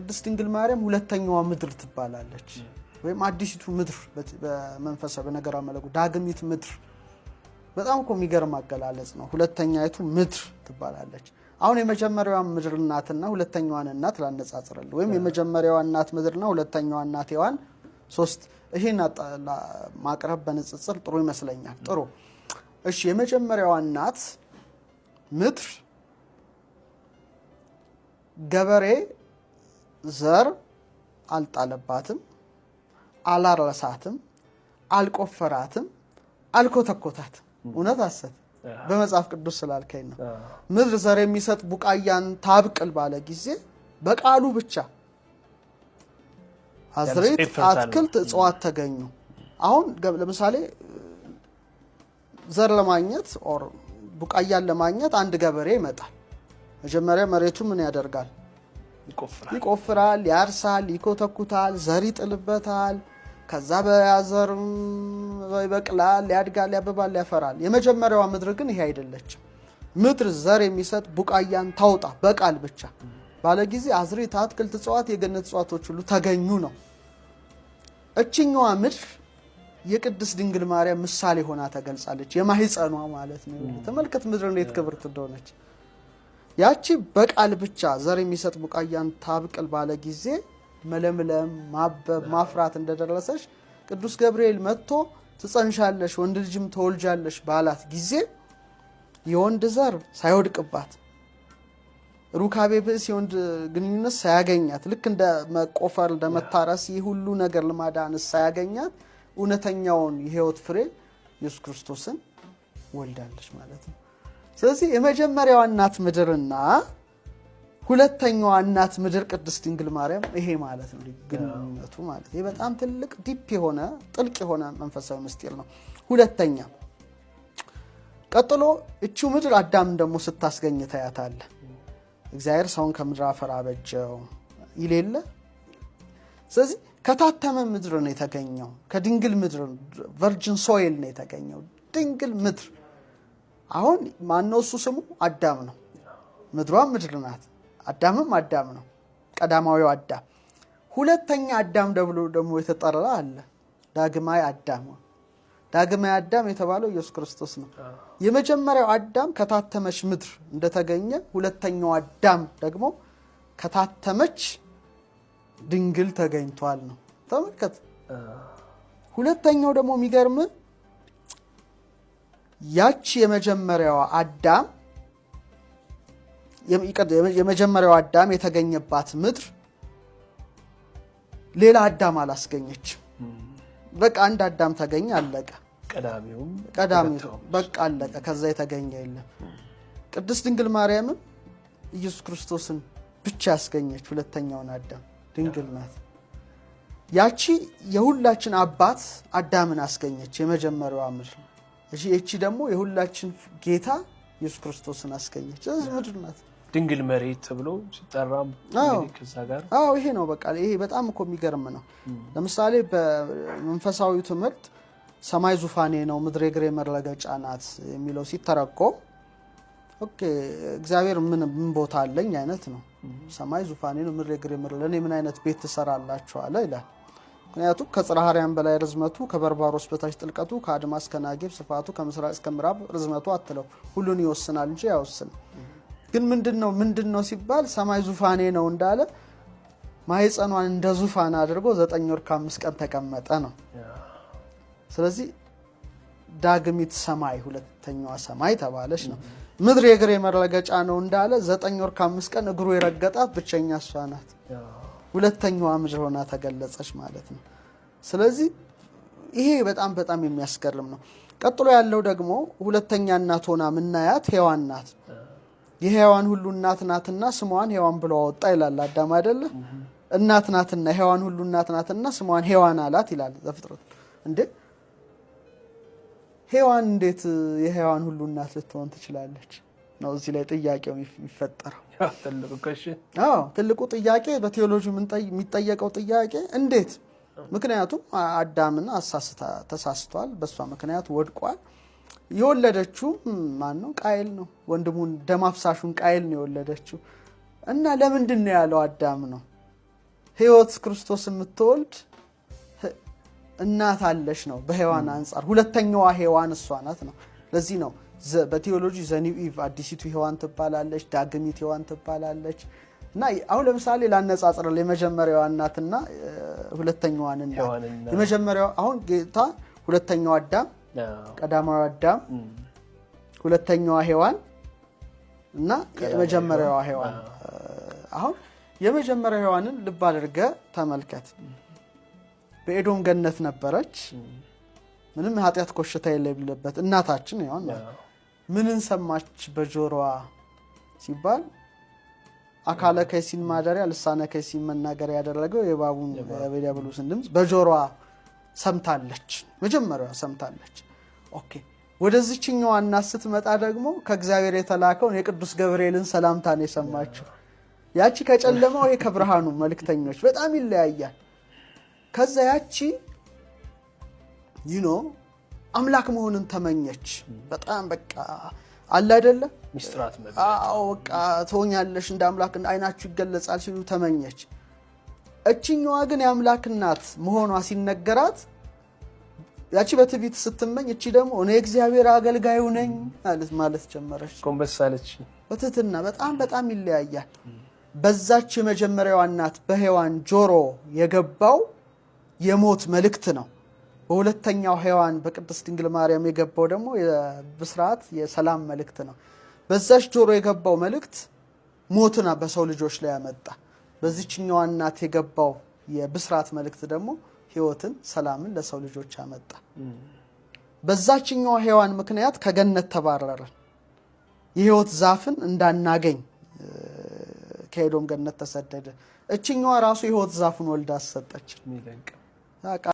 ቅድስት ድንግል ማርያም ሁለተኛዋ ምድር ትባላለች፣ ወይም አዲሲቱ ምድር በመንፈሳዊ በነገር አመለኩ ዳግሚት ምድር። በጣም እኮ የሚገርም አገላለጽ ነው። ሁለተኛይቱ ምድር ትባላለች። አሁን የመጀመሪያዋን ምድር እናትና ሁለተኛዋን እናት ላነጻጽርልህ፣ ወይም የመጀመሪያዋ እናት ምድርና ሁለተኛዋ እናት ሔዋን ሶስት። ይሄን ማቅረብ በንጽጽር ጥሩ ይመስለኛል። ጥሩ እሺ፣ የመጀመሪያዋ እናት ምድር ገበሬ ዘር አልጣለባትም፣ አላረሳትም፣ አልቆፈራትም፣ አልኮተኮታትም። እውነት አሰት በመጽሐፍ ቅዱስ ስላልከኝ ነው። ምድር ዘር የሚሰጥ ቡቃያን ታብቅል ባለ ጊዜ በቃሉ ብቻ አዝሬት፣ አትክልት፣ እጽዋት ተገኙ። አሁን ለምሳሌ ዘር ለማግኘት ቡቃያን ለማግኘት አንድ ገበሬ ይመጣል። መጀመሪያ መሬቱ ምን ያደርጋል? ይቆፍራል፣ ያርሳል፣ ይኮተኩታል፣ ዘር ይጥልበታል። ከዛ በያዘር ይበቅላል፣ ያድጋል፣ ያበባል፣ ያፈራል። የመጀመሪያዋ ምድር ግን ይሄ አይደለችም። ምድር ዘር የሚሰጥ ቡቃያን ታውጣ በቃል ብቻ ባለ ጊዜ አዝሬት፣ አትክልት፣ እጽዋት፣ የገነት እጽዋቶች ሁሉ ተገኙ ነው። እችኛዋ ምድር የቅድስት ድንግል ማርያም ምሳሌ ሆና ተገልጻለች። የማህፀኗ ማለት ነው። ተመልከት ምድር እንዴት ክብርት እንደሆነች። ያቺ በቃል ብቻ ዘር የሚሰጥ ቡቃያን ታብቅል ባለ ጊዜ መለምለም፣ ማበብ፣ ማፍራት እንደደረሰች ቅዱስ ገብርኤል መጥቶ ትጸንሻለሽ ወንድ ልጅም ተወልጃለሽ ባላት ጊዜ የወንድ ዘር ሳይወድቅባት ሩካቤ ብእስ የወንድ ግንኙነት ሳያገኛት ልክ እንደ መቆፈር እንደ መታረስ ይህ ሁሉ ነገር ልማዳ ሳያገኛት እውነተኛውን የህይወት ፍሬ ኢየሱስ ክርስቶስን ወልዳለች ማለት ነው። ስለዚህ የመጀመሪያዋ እናት ምድርና ሁለተኛዋ እናት ምድር ቅድስት ድንግል ማርያም ይሄ ማለት ነው ግንኙነቱ ማለት ይሄ በጣም ትልቅ ዲፕ የሆነ ጥልቅ የሆነ መንፈሳዊ ምስጢር ነው። ሁለተኛ ቀጥሎ እቺው ምድር አዳም ደግሞ ስታስገኝ ታያታለ። እግዚአብሔር ሰውን ከምድር አፈር አበጀው ይሌለ ስለዚህ ከታተመ ምድር ነው የተገኘው። ከድንግል ምድር ቨርጅን ሶይል ነው የተገኘው ድንግል ምድር አሁን ማነው እሱ ስሙ አዳም ነው። ምድሯም ምድር ናት፣ አዳምም አዳም ነው። ቀዳማዊው አዳም። ሁለተኛ አዳም ደብሎ ደግሞ የተጠራ አለ፣ ዳግማይ አዳም። ዳግማይ አዳም የተባለው ኢየሱስ ክርስቶስ ነው። የመጀመሪያው አዳም ከታተመች ምድር እንደተገኘ፣ ሁለተኛው አዳም ደግሞ ከታተመች ድንግል ተገኝቷል ነው። ተመልከት። ሁለተኛው ደግሞ የሚገርምህ ያች የመጀመሪያው አዳም የመጀመሪያው አዳም የተገኘባት ምድር ሌላ አዳም አላስገኘችም። በቃ አንድ አዳም ተገኘ፣ አለቀ። ቀዳሚው በቃ አለቀ። ከዛ የተገኘ የለም። ቅድስት ድንግል ማርያምም ኢየሱስ ክርስቶስን ብቻ ያስገኘች ሁለተኛውን አዳም ድንግል ናት። ያቺ የሁላችን አባት አዳምን አስገኘች፣ የመጀመሪያዋ ምድር እሺ እቺ ደግሞ የሁላችን ጌታ ኢየሱስ ክርስቶስን አስገኘች። ስለዚህ ምድር ናት ድንግል መሬት ተብሎ ሲጠራ ከዛ ጋር አዎ፣ ይሄ ነው በቃ። ይሄ በጣም እኮ የሚገርም ነው። ለምሳሌ በመንፈሳዊ ትምህርት ሰማይ ዙፋኔ ነው፣ ምድር የእግሬ መረገጫ ናት የሚለው ሲተረጎም እግዚአብሔር ምን ቦታ አለኝ አይነት ነው። ሰማይ ዙፋኔ ነው፣ ምድር የእግሬ መረገጫ ለእኔ ምን አይነት ቤት ትሰራላችኋለ ይላል። ምክንያቱም ከጽርሐ አርያም በላይ ርዝመቱ፣ ከበርባሮስ በታች ጥልቀቱ፣ ከአድማስ ከናጌብ ስፋቱ፣ ከምስራቅ እስከ ምዕራብ ርዝመቱ አትለው። ሁሉን ይወስናል እንጂ አይወስንም። ግን ምንድን ነው ምንድን ነው ሲባል ሰማይ ዙፋኔ ነው እንዳለ ማህፀኗን እንደ ዙፋን አድርጎ ዘጠኝ ወር ከአምስት ቀን ተቀመጠ ነው። ስለዚህ ዳግሚት ሰማይ ሁለተኛዋ ሰማይ ተባለች ነው። ምድር የእግር መረገጫ ነው እንዳለ ዘጠኝ ወር ከአምስት ቀን እግሩ የረገጣት ብቸኛ እሷ ናት። ሁለተኛዋ ምድር ሆና ተገለጸች ማለት ነው። ስለዚህ ይሄ በጣም በጣም የሚያስገርም ነው። ቀጥሎ ያለው ደግሞ ሁለተኛ እናት ሆና ምናያት ሔዋን ናት። የሔዋን ሁሉ እናት ናትና ስሟን ሔዋን ብሎ አወጣ ይላል አዳም አይደለ? እናት ናትና ሔዋን ሁሉ እናት ናትና ስሟን ሔዋን አላት ይላል ዘፍጥረት። እንዴ ሔዋን እንዴት የሔዋን ሁሉ እናት ልትሆን ትችላለች? ነው እዚህ ላይ ጥያቄው የሚፈጠረው። ትልቁ ጥያቄ በቴዎሎጂ የሚጠየቀው ጥያቄ እንዴት? ምክንያቱም አዳምን ተሳስቷል፣ በእሷ ምክንያት ወድቋል። የወለደችውም ማን ነው? ቃየል ነው። ወንድሙን ደም አፍሳሹን ቃየል ነው የወለደችው። እና ለምንድን ነው ያለው አዳም ነው ህይወት ክርስቶስ የምትወልድ እናት አለሽ ነው። በሔዋን አንጻር ሁለተኛዋ ሔዋን እሷ ናት ነው ለዚህ ነው በቴዎሎጂ ዘኒው ኢቭ አዲሲቱ ህዋን ትባላለች፣ ዳግሚት ህዋን ትባላለች። እና አሁን ለምሳሌ ላነጻጽረል የመጀመሪያዋ እናትና ሁለተኛዋን የመጀመሪያ አሁን ጌታ ሁለተኛው አዳም ቀዳማዊ አዳም ሁለተኛዋ ሔዋን እና የመጀመሪያዋ ሔዋን አሁን የመጀመሪያ ሔዋንን ልብ አድርገህ ተመልከት። በኤዶም ገነት ነበረች። ምንም ኃጢአት ኮሽታ የሌለበት እናታችን ሆን ምንን ሰማች በጆሮዋ ሲባል አካለ ከይሲን ማደሪያ ልሳነ ከሲን መናገር ያደረገው የባቡን የዲያብሎስን ድምፅ በጆሮዋ ሰምታለች። መጀመሪያ ሰምታለች። ኦኬ ወደዚችኛዋ እናት ስትመጣ ደግሞ ከእግዚአብሔር የተላከውን የቅዱስ ገብርኤልን ሰላምታ ነው የሰማችው። ያቺ ከጨለማው ይሄ ከብርሃኑ መልክተኞች በጣም ይለያያል። ከዛ ያቺ ይኖ አምላክ መሆንን ተመኘች። በጣም በቃ አለ አይደለ ሚስጥራት በቃ ትሆኛለሽ እንደ አምላክ አይናችሁ ይገለጻል ሲሉ ተመኘች። እችኛዋ ግን የአምላክ እናት መሆኗ ሲነገራት ያቺ በትዕቢት ስትመኝ፣ እቺ ደግሞ እኔ እግዚአብሔር አገልጋዩ ነኝ ማለት ጀመረች። ጎንበስ አለች በትህትና። በጣም በጣም ይለያያል። በዛች የመጀመሪያዋ እናት በሔዋን ጆሮ የገባው የሞት መልእክት ነው። በሁለተኛው ሔዋን በቅድስት ድንግል ማርያም የገባው ደግሞ የብስራት የሰላም መልእክት ነው። በዛች ጆሮ የገባው መልእክት ሞትን በሰው ልጆች ላይ ያመጣ፣ በዚችኛዋ እናት የገባው የብስራት መልእክት ደግሞ ህይወትን ሰላምን ለሰው ልጆች አመጣ። በዛችኛዋ ሔዋን ምክንያት ከገነት ተባረርን፣ የህይወት ዛፍን እንዳናገኝ ከሄዶም ገነት ተሰደደ። እችኛዋ ራሱ የህይወት ዛፍን ወልዳ አሰጠችን።